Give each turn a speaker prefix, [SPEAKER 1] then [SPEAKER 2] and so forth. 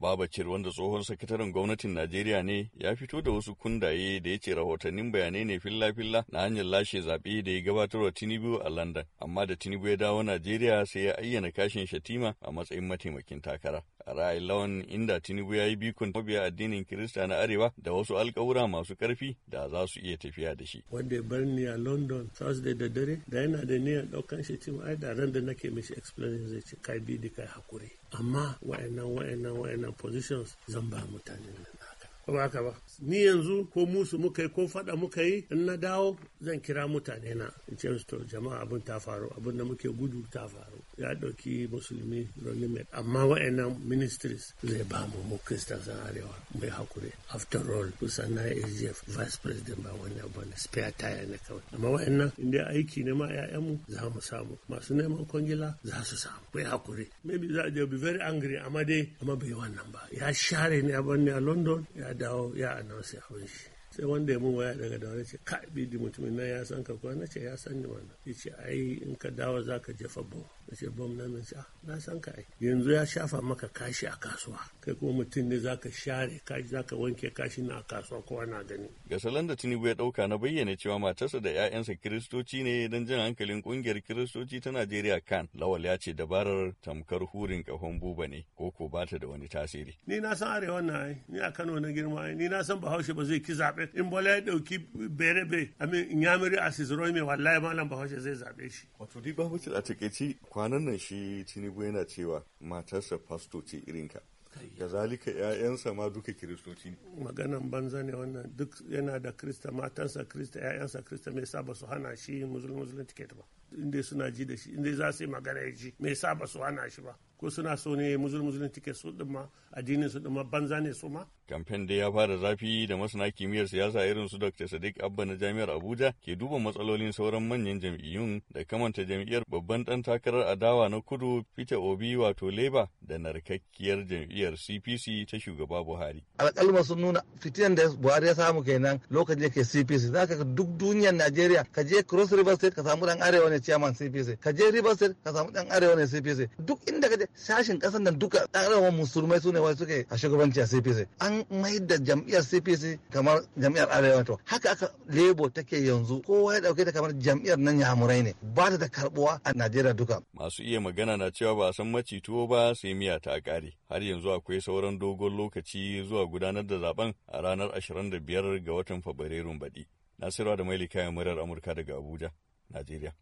[SPEAKER 1] Babacir wanda tsohon sakataren gwamnatin Najeriya ne ya fito da wasu kundaye da ya ce rahotannin bayanai ne filla-filla na hanyar lashe zaɓe da ya gabatar wa Tinubu a London. Amma da Tinubu ya dawo Najeriya sai ya ayyana kashin Shatima a matsayin mataimakin takara. a inda tinubu ya yi bikon mabiya addinin kirista na arewa da wasu alkawura masu karfi da za su iya tafiya da shi
[SPEAKER 2] wanda ya bar ni a london thursday da dare da yana da niyyar ɗaukan shi cin ai da ran da nake mishi explain zai ce kai bi kai hakuri amma wa'annan wa'annan wa'annan positions zan ba mutane nan ba haka ba ni yanzu ko musu muka yi ko faɗa muka yi in na dawo zan kira mutane na in ce to jama'a abin ta faru abin da muke gudu ta faru ya ɗauki musulmi rolimet amma wa'annan ministries zai ba mu mu kristan san arewa mai hakuri after all kusan na AGF vice president ba wani abu ne spare tire ne kawai amma wa'annan inda aiki ne ma mu za mu samu masu neman kwangila za su samu mai hakuri maybe za a be very angry amma dai amma bai wannan ba ya share ne a ne a London ya dawo ya announce ya aure shi sai wanda ya mun waya daga dawo ce ka bidi mutumin nan ya san ka kuwa na ce ya san ni wannan ya ce ai in ka dawo za ka jefa bau ya ce bom na sa na san ka ai yanzu ya shafa maka kashi a kasuwa kai kuma mutum ne zaka share kashi zaka wanke kashi na a kasuwa kowa na gani
[SPEAKER 1] ga salon da tinubu ya dauka na bayyana cewa matarsa da 'ya'yansa kiristoci ne dan jan hankalin kungiyar kiristoci ta najeriya kan lawal ya ce dabarar tamkar hurin kahon buba ne ko ko ba da wani tasiri
[SPEAKER 2] ni na san arewa na ai ni a kano na girma ni na san bahaushe ba zai ki zaɓe in bola ya dauki berebe amin in yamiri a mai wallahi malam bahaushe zai zabe shi
[SPEAKER 1] wato ni bahaushe a ci. kwanan nan shi tinubu yana cewa matarsa fasto ce irinka kazalika zalika ‘ya'yansa ma duka kiristoci
[SPEAKER 2] ne. Maganan banza ne wannan duk yana da krista matansa krista ‘ya'yansa krista mai sa ba su hana shi musulun musulun tiketi ba. Inda suna ji da shi inda za su yi magana ya ji mai sa ba su hana shi ba. ko suna so ne muzul-muzulun tike su din ma addinin su din ma banza ne su ma.
[SPEAKER 1] Kamfen da ya fara zafi da masana kimiyyar siyasa irin su Dr. Sadiq Abba na Jami'ar Abuja ke duba matsalolin sauran manyan jam'iyyun da kamanta jam'iyyar babban dan takarar adawa na kudu Peter Obi wato Labour da narkakkiyar jam'iyyar CPC ta shugaba Buhari.
[SPEAKER 3] Alƙalma sun nuna fitiyan da Buhari ya samu kenan lokacin da ke CPC za ka duk duniyar Najeriya ka je Cross River State ka samu ɗan arewa ne chairman CPC ka je River State ka samu ɗan arewa ne CPC duk inda ka je sashen kasar nan duka tsarawar musulmai su ne wai suke a shugabanci a CPC an mai da jam'iyyar CPC kamar jam'iyyar arewa to haka aka lebo take yanzu kowa ya dauke ta kamar jam'iyyar nan yamurai ne ba ta da karbuwa a Najeriya
[SPEAKER 1] duka masu iya magana na cewa ba a san maci tuwo ba sai miya ta kare har yanzu akwai sauran dogon lokaci zuwa gudanar da zaben a ranar 25 ga watan Fabrairun baɗi Nasiru da Maili kayan murar Amurka daga Abuja Najeriya